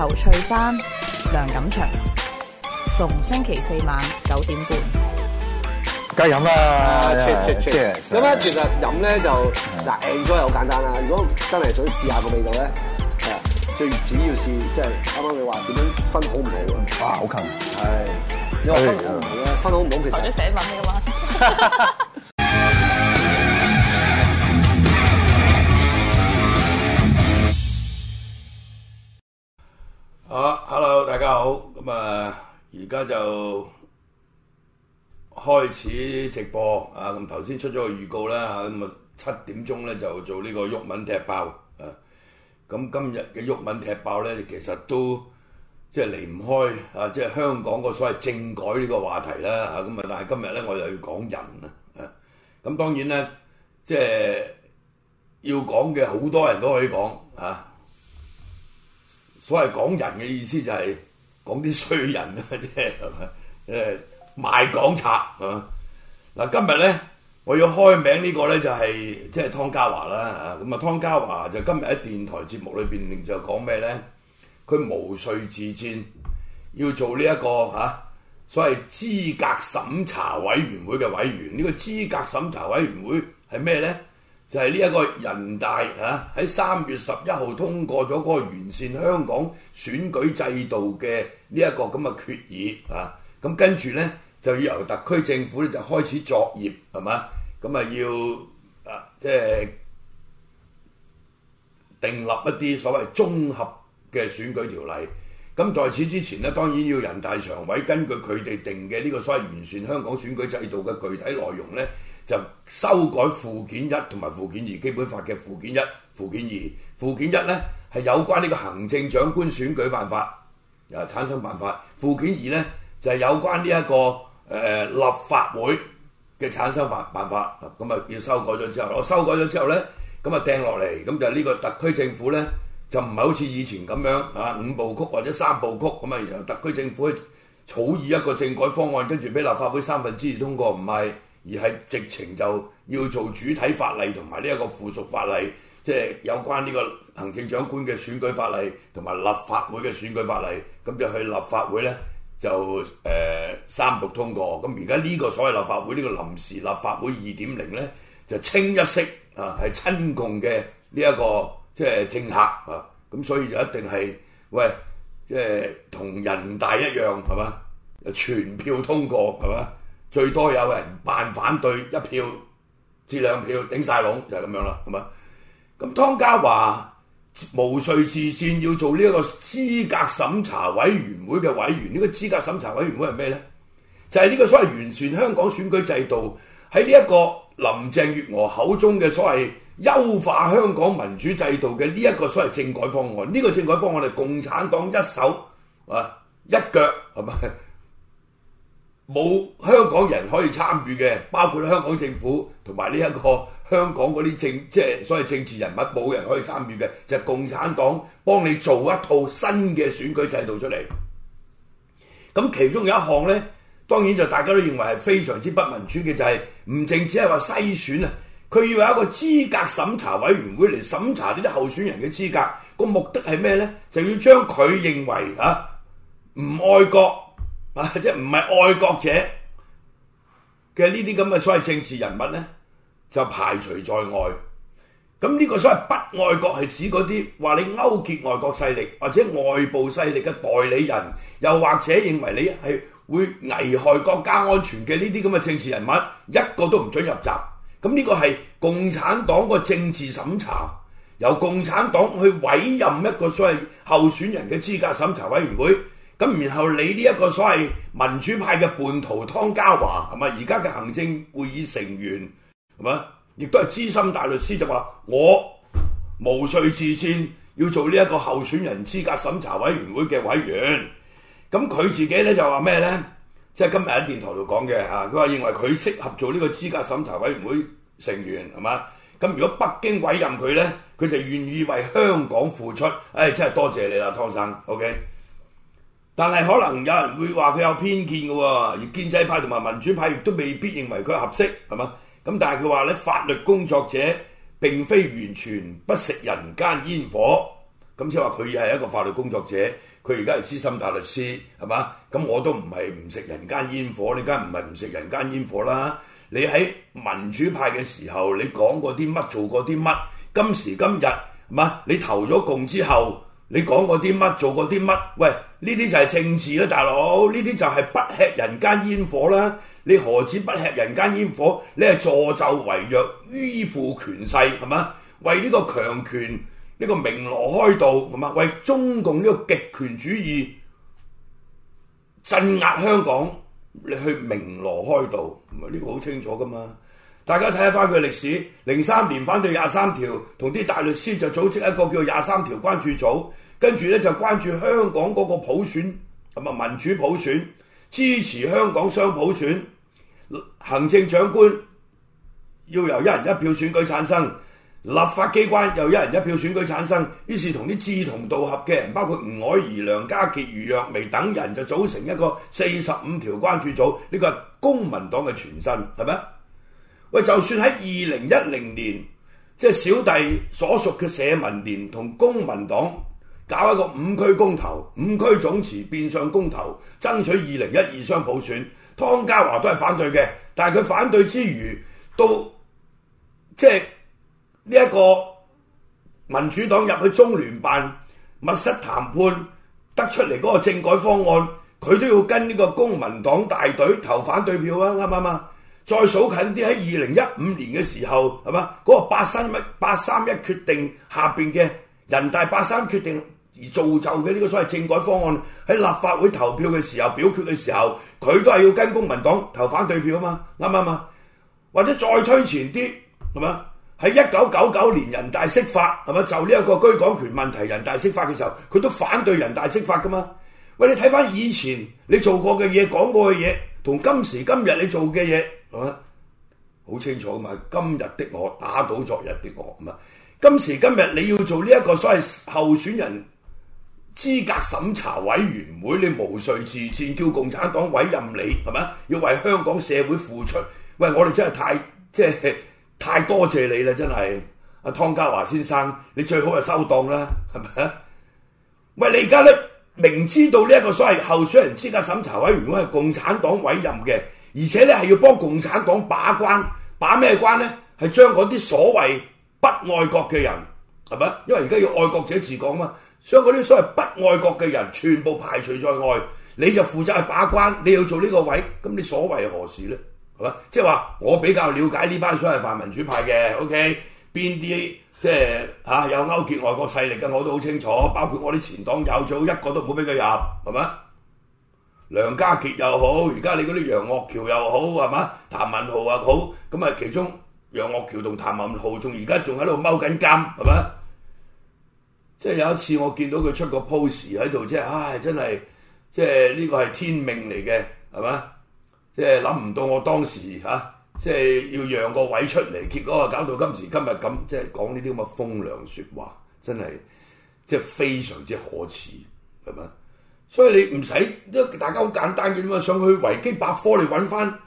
侯翠山、梁錦祥，逢星期四晚九點半。梗係飲啦，咁咧其實飲咧就嗱，應該係好簡單啦。如果真係想試下個味道咧，誒，最主要是即係啱啱你話點樣分好唔好啊？哇，好近，係，因為分好唔好其實。你寫文噶嘛。開始直播啊！咁頭先出咗個預告啦，咁啊七點鐘咧就做呢個毓民踢爆啊！咁今日嘅毓民踢爆咧，其實都即係離唔開啊！即係香港個所謂政改呢個話題啦，吓咁啊！但係今日咧，我又要講人啊！咁當然咧，即係要講嘅好多人都可以講啊！所謂講人嘅意思就係講啲衰人啊，即係係嘛誒。賣港賊啊！嗱，今日咧，我要開名呢個咧、就是，就係即係湯家驊啦。咁啊，湯家驊就今日喺電台節目裏邊就講咩咧？佢無序自薦要做呢、這、一個嚇、啊、所謂資格審查委員會嘅委員。呢、這個資格審查委員會係咩咧？就係呢一個人大嚇喺三月十一號通過咗嗰個完善香港選舉制度嘅呢一個咁嘅決議啊！咁、啊、跟住咧。就要由特區政府咧就開始作業，係嘛？咁啊要啊，即係訂立一啲所謂綜合嘅選舉條例。咁在此之前呢，當然要人大常委根據佢哋定嘅呢個所謂完善香港選舉制度嘅具體內容呢，就修改附件一同埋附件二基本法嘅附件一、附件二。附件一呢係有關呢個行政長官選舉辦法啊，產生辦法。附件二呢，就係有關呢一個。誒、呃、立法會嘅產生法辦法，咁啊要修改咗之後，我修改咗之後咧，咁啊掟落嚟，咁就呢個特區政府咧就唔係好似以前咁樣啊五步曲或者三步曲，咁啊由特區政府去草擬一個政改方案，跟住俾立法會三分之二通過，唔係而係直情就要做主體法例同埋呢一個附屬法例，即、就、係、是、有關呢個行政長官嘅選舉法例同埋立法會嘅選舉法例，咁就去立法會咧。就誒、呃、三讀通過，咁而家呢個所謂立法會呢、這個臨時立法會二點零咧，就清一色啊，係親共嘅呢一個即係、就是、政客啊，咁所以就一定係喂，即、就、係、是、同人大一樣係嘛，就全票通過係嘛，最多有人扮反對一票至兩票頂晒籠就係、是、咁樣啦，係嘛？咁湯家驊。無恥自薦要做呢一個資格審查委員會嘅委員，呢、這個資格審查委員會係咩呢？就係、是、呢個所謂完善香港選舉制度，喺呢一個林鄭月娥口中嘅所謂優化香港民主制度嘅呢一個所謂政改方案，呢、這個政改方案，係共產黨一手啊一腳係咪？冇香港人可以參與嘅，包括香港政府同埋呢一個。香港嗰啲政即係所謂政治人物，冇人可以參與嘅，就係共產黨幫你做一套新嘅選舉制度出嚟。咁其中有一項咧，當然就大家都認為係非常之不民主嘅，就係唔淨止係話篩選啊，佢要有一個資格審查委員會嚟審查呢啲候選人嘅資格。個目的係咩咧？就要將佢認為啊唔愛國啊，即係唔係愛國者嘅呢啲咁嘅所謂政治人物咧，就排除在外。咁呢個所謂不愛國係指嗰啲話你勾結外國勢力或者外部勢力嘅代理人，又或者認為你係會危害國家安全嘅呢啲咁嘅政治人物，一個都唔准入閘。咁呢個係共產黨個政治審查，由共產黨去委任一個所謂候選人嘅資格審查委員會。咁然後你呢一個所謂民主派嘅叛徒湯家驊係咪？而家嘅行政會議成員。係嘛？亦都係資深大律師，就話我無需自薦要做呢一個候選人資格審查委員會嘅委員。咁佢自己咧就話咩咧？即係今日喺電台度講嘅嚇，佢話認為佢適合做呢個資格審查委員會成員，係嘛？咁如果北京委任佢咧，佢就願意為香港付出。誒，真係多謝你啦，湯生。OK。但係可能有人會話佢有偏見嘅喎，而建制派同埋民主派亦都未必認為佢合適，係嘛？咁但係佢話咧，法律工作者並非完全不食人間煙火。咁即係話佢係一個法律工作者，佢而家係資深大律師，係嘛？咁我都唔係唔食人間煙火，你梗係唔係唔食人間煙火啦？你喺民主派嘅時候，你講過啲乜，做過啲乜？今時今日，係嘛，你投咗共之後，你講過啲乜，做過啲乜？喂，呢啲就係政治啦，大佬，呢啲就係不吃人間煙火啦。你何止不吃人間煙火？你係助紂為虐、依附權勢，係嘛？為呢個強權、呢個鳴鑼開道，係嘛？為中共呢個極權主義鎮壓香港，你去鳴鑼開道，呢個好清楚噶嘛？大家睇下返佢歷史，零三年反對廿三條，同啲大律師就組織一個叫廿三條關注組，跟住咧就關注香港嗰個普選，係嘛，民主普選。支持香港雙普選，行政長官要由一人一票選舉產生，立法機關又一人一票選舉產生，於是同啲志同道合嘅人，包括吳靄儀、梁家傑、余若薇等人，就組成一個四十五條關注組，呢個係公民黨嘅前身係咪？喂，就算喺二零一零年，即係小弟所屬嘅社民連同公民黨。搞一個五區公投，五區總辭變相公投，爭取二零一二雙普選。湯家驊都係反對嘅，但係佢反對之餘，到即係呢一個民主黨入去中聯辦密室談判得出嚟嗰個政改方案，佢都要跟呢個公民黨大隊投反對票啊！啱唔啱啊？再數近啲喺二零一五年嘅時候，係嘛嗰個八三一八三一決定下邊嘅人大八三決定。而造就嘅呢個所謂政改方案喺立法會投票嘅時候表決嘅時候，佢都係要跟公民黨投反對票啊嘛，啱唔啱啊？或者再推前啲，係咪？喺一九九九年人大釋法，係咪就呢一個居港權問題？人大釋法嘅時候，佢都反對人大釋法噶嘛？喂，你睇翻以前你做過嘅嘢、講過嘅嘢，同今時今日你做嘅嘢，係咪？好清楚噶嘛？今日的我打倒昨日的我，咁啊？今時今日你要做呢一個所謂候選人？資格審查委員會，你毛遂自薦，叫共產黨委任你，係咪？要為香港社會付出？喂，我哋真係太即係太多謝你啦，真係阿湯家驊先生，你最好係收檔啦，係咪啊？喂，你而家咧明知道呢一個所謂候選人資格審查委員會係共產黨委任嘅，而且咧係要幫共產黨把關，把咩關咧？係將嗰啲所謂不愛國嘅人，係咪？因為而家要愛國者治港嘛。所以嗰啲所謂不愛國嘅人，全部排除在外，你就負責去把關，你要做呢個位，咁你所為何事呢？係嘛？即係話我比較了解呢班所謂泛民主派嘅，OK？邊啲即係吓、啊、有勾結外國勢力嘅我都好清楚，包括我啲前黨友組一個都唔好俾佢入，係咪？梁家傑又好，而家你嗰啲楊岳橋又好，係嘛？譚文豪又好，咁啊，其中楊岳橋同譚文豪仲而家仲喺度踎緊監，係咪？即係有一次我見到佢出個 pose 喺度，即係唉，真係即係呢個係天命嚟嘅，係嘛？即係諗唔到我當時嚇、啊，即係要讓個位出嚟，結果啊搞到今時今日咁，即係講呢啲咁嘅風涼説話，真係即係非常之可恥，係咪？所以你唔使都大家好簡單嘅嘛，上去維基百科你揾翻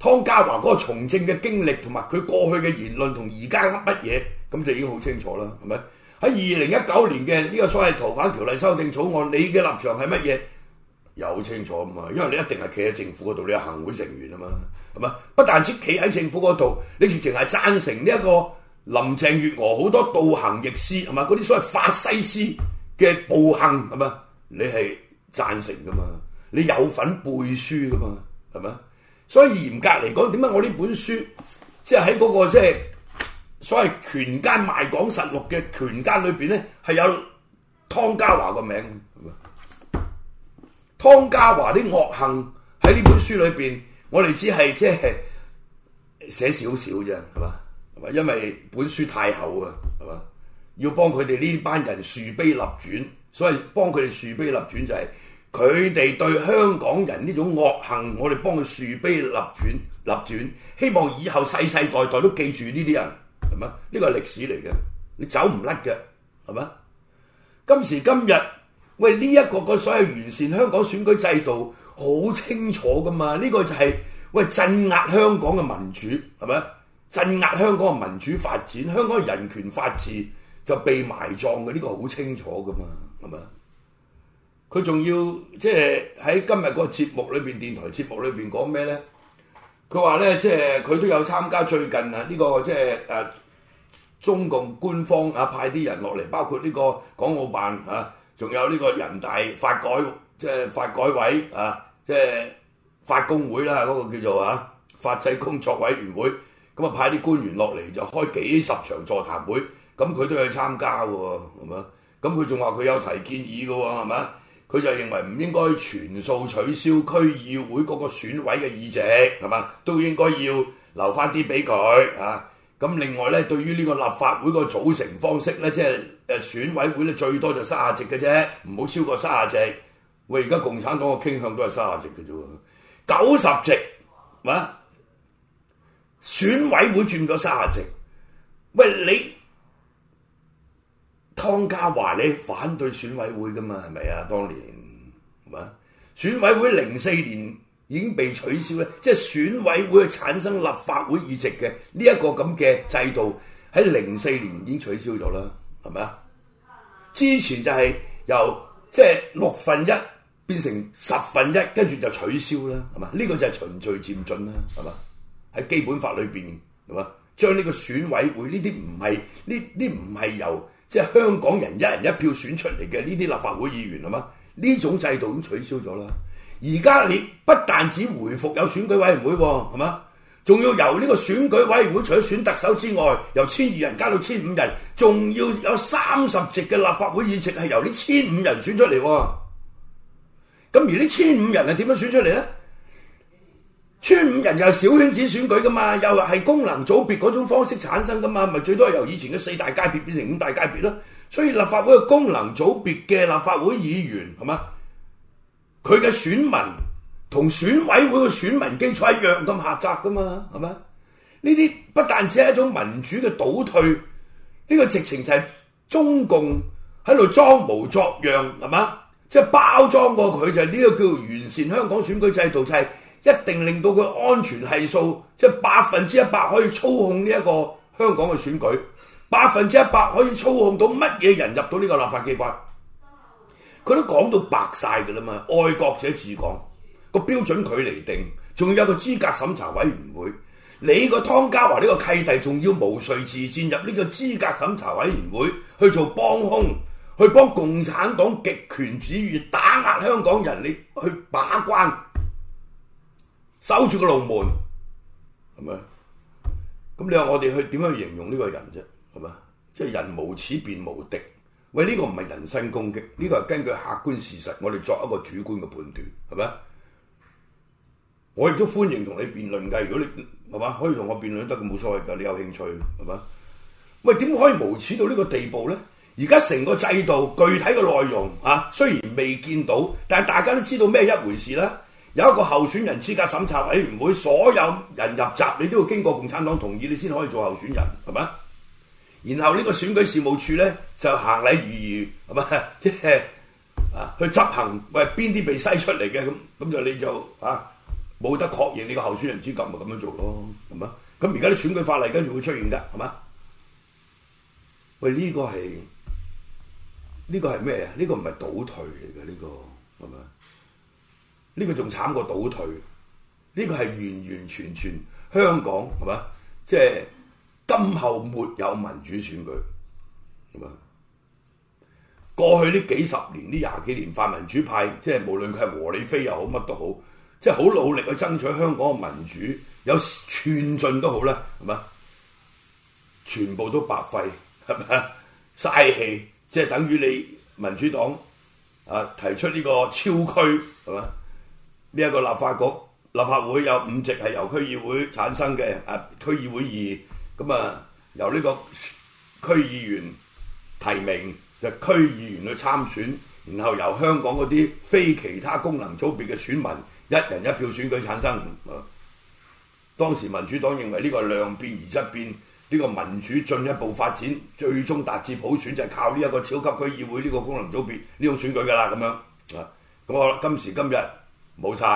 湯家驊嗰個從政嘅經歷，同埋佢過去嘅言論同而家乜嘢，咁就已經好清楚啦，係咪？喺二零一九年嘅呢個所謂逃犯條例修訂草案，你嘅立場係乜嘢？有清楚噶嘛？因為你一定係企喺政府嗰度，你係行會成員啊嘛，係咪？不但止企喺政府嗰度，你直情係贊成呢一個林鄭月娥好多倒行逆施，同埋嗰啲所謂法西斯嘅暴行，係咪？你係贊成噶嘛？你有份背書噶嘛？係咪？所以嚴格嚟講，點解我呢本書即係喺嗰個即係。就是所謂權奸賣港實錄嘅權奸裏邊咧，係有湯家驊個名。湯家驊啲惡行喺呢本書裏邊，我哋只係即係寫少少啫，係嘛？係嘛？因為本書太厚啊，係嘛？要幫佢哋呢班人樹碑立傳，所以幫佢哋樹碑立傳就係佢哋對香港人呢種惡行，我哋幫佢樹碑立傳，立傳，希望以後世世代代代都記住呢啲人。係咪？呢個係歷史嚟嘅，你走唔甩嘅，係咪？今時今日，喂呢一個個所謂完善香港選舉制度，好清楚噶嘛？呢、這個就係、是、喂鎮壓香港嘅民主，係咪？鎮壓香港嘅民主發展，香港嘅人權法治就被埋葬嘅，呢、這個好清楚噶嘛？係咪？佢仲要即係喺今日個節目裏邊，電台節目裏邊講咩咧？佢話咧，即係佢都有參加最近啊，呢、這個即係誒。就是呃中共官方啊派啲人落嚟，包括呢個港澳辦啊，仲有呢個人大法改即係法改委啊，即係法工委啦嗰個叫做啊法制工作委員會，咁啊派啲官員落嚟就開幾十場座談會，咁佢都去參加喎，係咪啊？咁佢仲話佢有提建議嘅喎，係咪啊？佢就認為唔應該全數取消區議會嗰個選委嘅議席，係嘛，都應該要留翻啲俾佢啊。咁另外咧，對於呢個立法會個組成方式咧，即係誒選委會咧，最多就卅席嘅啫，唔好超過卅席。喂，而家共產黨嘅傾向都係卅席嘅啫喎，九十席嘛？選委會轉咗卅席，喂你，湯家驊你反對選委會噶嘛？係咪啊？當年係嘛，選委會零四年。已經被取消咧，即係選委會去產生立法會議席嘅呢一個咁嘅制度，喺零四年已經取消咗啦，係咪啊？之前就係由即係、就是、六分一變成十分一，跟住就取消啦，係咪？呢、這個就係循序漸進啦，係嘛？喺基本法裏邊，係嘛？將呢個選委會呢啲唔係呢啲唔係由即係、就是、香港人一人一票選出嚟嘅呢啲立法會議員，係嘛？呢種制度已經取消咗啦。而家你不但只回復有選舉委員會，係嘛？仲要由呢個選舉委員會除咗選特首之外，由千二人加到千五人，仲要有三十席嘅立法會議席係由呢千五人選出嚟。咁而呢千五人係點樣選出嚟咧？千五人又係小圈子選舉噶嘛？又係功能組別嗰種方式產生噶嘛？咪最多係由以前嘅四大界別變成五大界別咯。所以立法會嘅功能組別嘅立法會議員係嘛？佢嘅選民同選委會嘅選民基礎一樣咁狹窄噶嘛，係咪？呢啲不但只係一種民主嘅倒退，呢個直情就係中共喺度裝模作樣，係咪？即係包裝過佢就係呢個叫做完善香港選舉制度，就係一定令到佢安全係數即係百分之一百可以操控呢一個香港嘅選舉，百分之一百可以操控到乜嘢人入到呢個立法機關。佢都講到白晒嘅啦嘛，愛國者自講個標準距離定，仲要有一個資格審查委員會。你個湯家華呢個契弟，仲要無序自佔入呢個資格審查委員會去做幫兇，去幫共產黨極權主義打壓香港人，力，去把關，守住個龍門，係咪？咁你話我哋去點樣形容呢個人啫？係咪？即係人無恥便無敵。喂，呢個唔係人身攻擊，呢個係根據客觀事實，我哋作一個主觀嘅判斷，係咪？我亦都歡迎同你辯論㗎。如果你係嘛，可以同我辯論得冇所謂㗎。你有興趣係嘛？喂，點可以無恥到呢個地步咧？而家成個制度具體嘅內容啊，雖然未見到，但係大家都知道咩一回事啦。有一個候選人資格審查委員會，所有人入閘你都要經過共產黨同意，你先可以做候選人，係咪？然後呢個選舉事務處咧，就行禮如儀，係嘛，即係啊去執行，喂邊啲被篩出嚟嘅，咁咁就你就啊，冇得確認你個候選人資格咪咁樣做咯，係嘛？咁而家啲選舉法例跟住會出現噶，係嘛？喂，呢個係呢個係咩啊？呢個唔係倒退嚟嘅呢個，係嘛？呢個仲慘過倒退，呢個係完完全全香港，係嘛？即係。今後沒有民主選舉，係嘛？過去呢幾十年、呢廿幾年，泛民主派即係無論佢係和理非又好，乜都好，即係好努力去爭取香港嘅民主，有寸進都好咧，係嘛？全部都白費，係咪嘥氣，即係、就是、等於你民主黨啊提出呢個超區，係嘛？呢、這、一個立法局、立法會有五席係由區議會產生嘅，啊，區議會議。咁啊，由呢個區議員提名就是、區議員去參選，然後由香港嗰啲非其他功能組別嘅選民一人一票選舉產生。啊、當時民主黨認為呢個量變而質變，呢、呢個民主進一步發展，最終達至普選就係、是、靠呢一個超級區議會呢個功能組別呢種、呢個、選舉噶啦咁樣。咁、啊、我今時今日冇晒，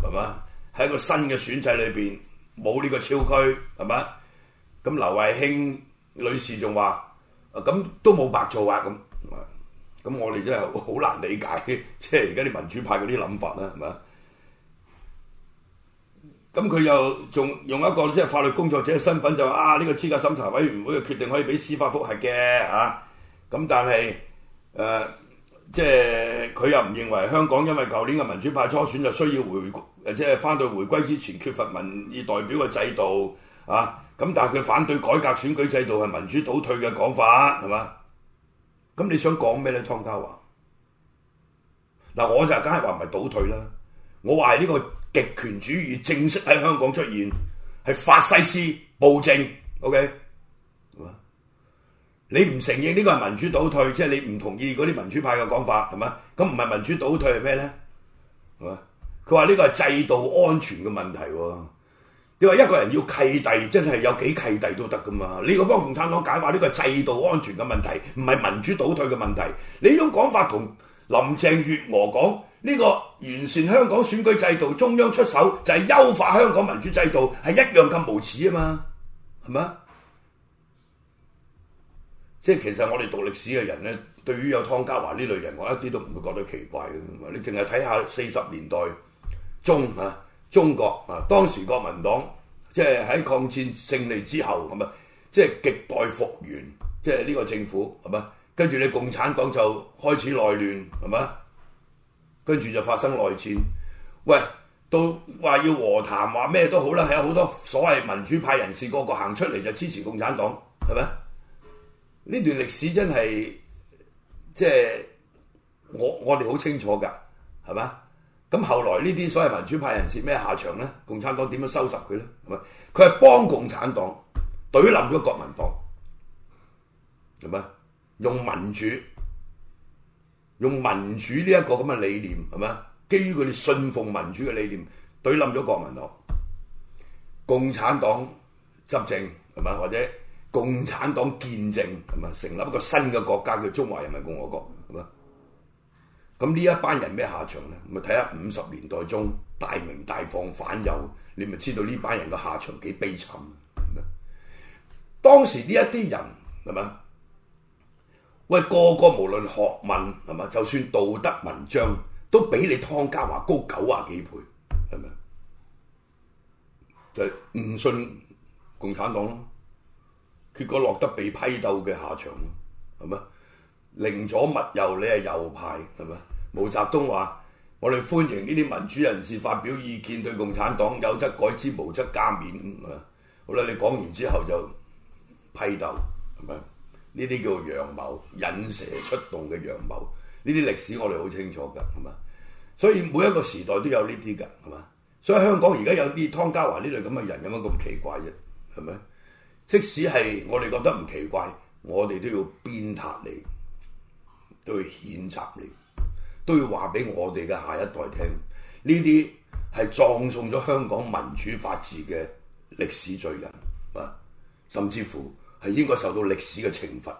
係嘛？喺個新嘅選制裏邊冇呢個超區係嘛？咁劉慧卿女士仲話：，咁、啊、都冇白做啊！咁咁我哋真係好難理解，即係而家啲民主派嗰啲諗法啦，係嘛？咁佢又仲用一個即係法律工作者嘅身份就話：，啊呢、這個資格審查委員會嘅決定可以俾司法複核嘅，吓、啊、咁但係，誒、啊，即係佢又唔認為香港因為舊年嘅民主派初選就需要回，即係返到回歸之前缺乏民意代表嘅制度，啊。咁但係佢反對改革選舉制度係民主倒退嘅講法，係嘛？咁你想講咩咧，湯家驊？嗱，我就梗係話唔係倒退啦，我話係呢個極權主義正式喺香港出現，係法西斯暴政，OK，係嘛？你唔承認呢個係民主倒退，即係你唔同意嗰啲民主派嘅講法，係嘛？咁唔係民主倒退係咩咧？係嘛？佢話呢個係制度安全嘅問題喎。你話一個人要契弟，真係有幾契弟都得噶嘛？你咁幫共產黨解話，呢個制度安全嘅問題，唔係民主倒退嘅問題。你種講法同林鄭月娥講呢個完善香港選舉制度，中央出手就係優化香港民主制度，係一樣咁無恥啊嘛？係咪啊？即係其實我哋讀歷史嘅人咧，對於有湯家驊呢類人，我一啲都唔會覺得奇怪嘅。你淨係睇下四十年代中啊。中國啊，當時國民黨即係喺抗戰勝利之後，咁啊，即係極待復原，即係呢個政府，係咪？跟住你共產黨就開始內亂，係咪？跟住就發生內戰。喂，到話要和談，話咩都好啦，係有好多所謂民主派人士個個行出嚟就支持共產黨，係咪？呢段歷史真係即係我我哋好清楚㗎，係咪？咁後來呢啲所謂民主派人士咩下場咧？共產黨點樣收拾佢咧？係咪佢係幫共產黨懟冧咗國民黨？係咪用民主，用民主呢一個咁嘅理念？係咪基於佢哋信奉民主嘅理念懟冧咗國民黨？共產黨執政係咪？或者共產黨建政係咪成立一個新嘅國家叫中華人民共和國？係咪？咁呢一班人咩下場咧？咪睇下五十年代中大鳴大放反右，你咪知道呢班人嘅下場幾悲慘。當時呢一啲人係咪？喂，個個無論學問係咪，就算道德文章都比你湯家驊高九啊幾倍，係咪？就係唔信共產黨咯，結果落得被批鬥嘅下場咯，係咪？寧左勿右，你係右派係咪？毛澤東話：我哋歡迎呢啲民主人士發表意見，對共產黨有則改之，無則加勉。啊，好啦，你講完之後就批鬥係咪？呢啲叫做陽謀，引蛇出洞嘅陽謀。呢啲歷史我哋好清楚㗎係咪？所以每一個時代都有呢啲㗎係咪？所以香港而家有啲湯家驊呢類咁嘅人有乜咁奇怪啫係咪？即使係我哋覺得唔奇怪，我哋都要鞭撻你。都要譴責你，都要話俾我哋嘅下一代聽，呢啲係葬送咗香港民主法治嘅歷史罪人啊，甚至乎係應該受到歷史嘅懲罰。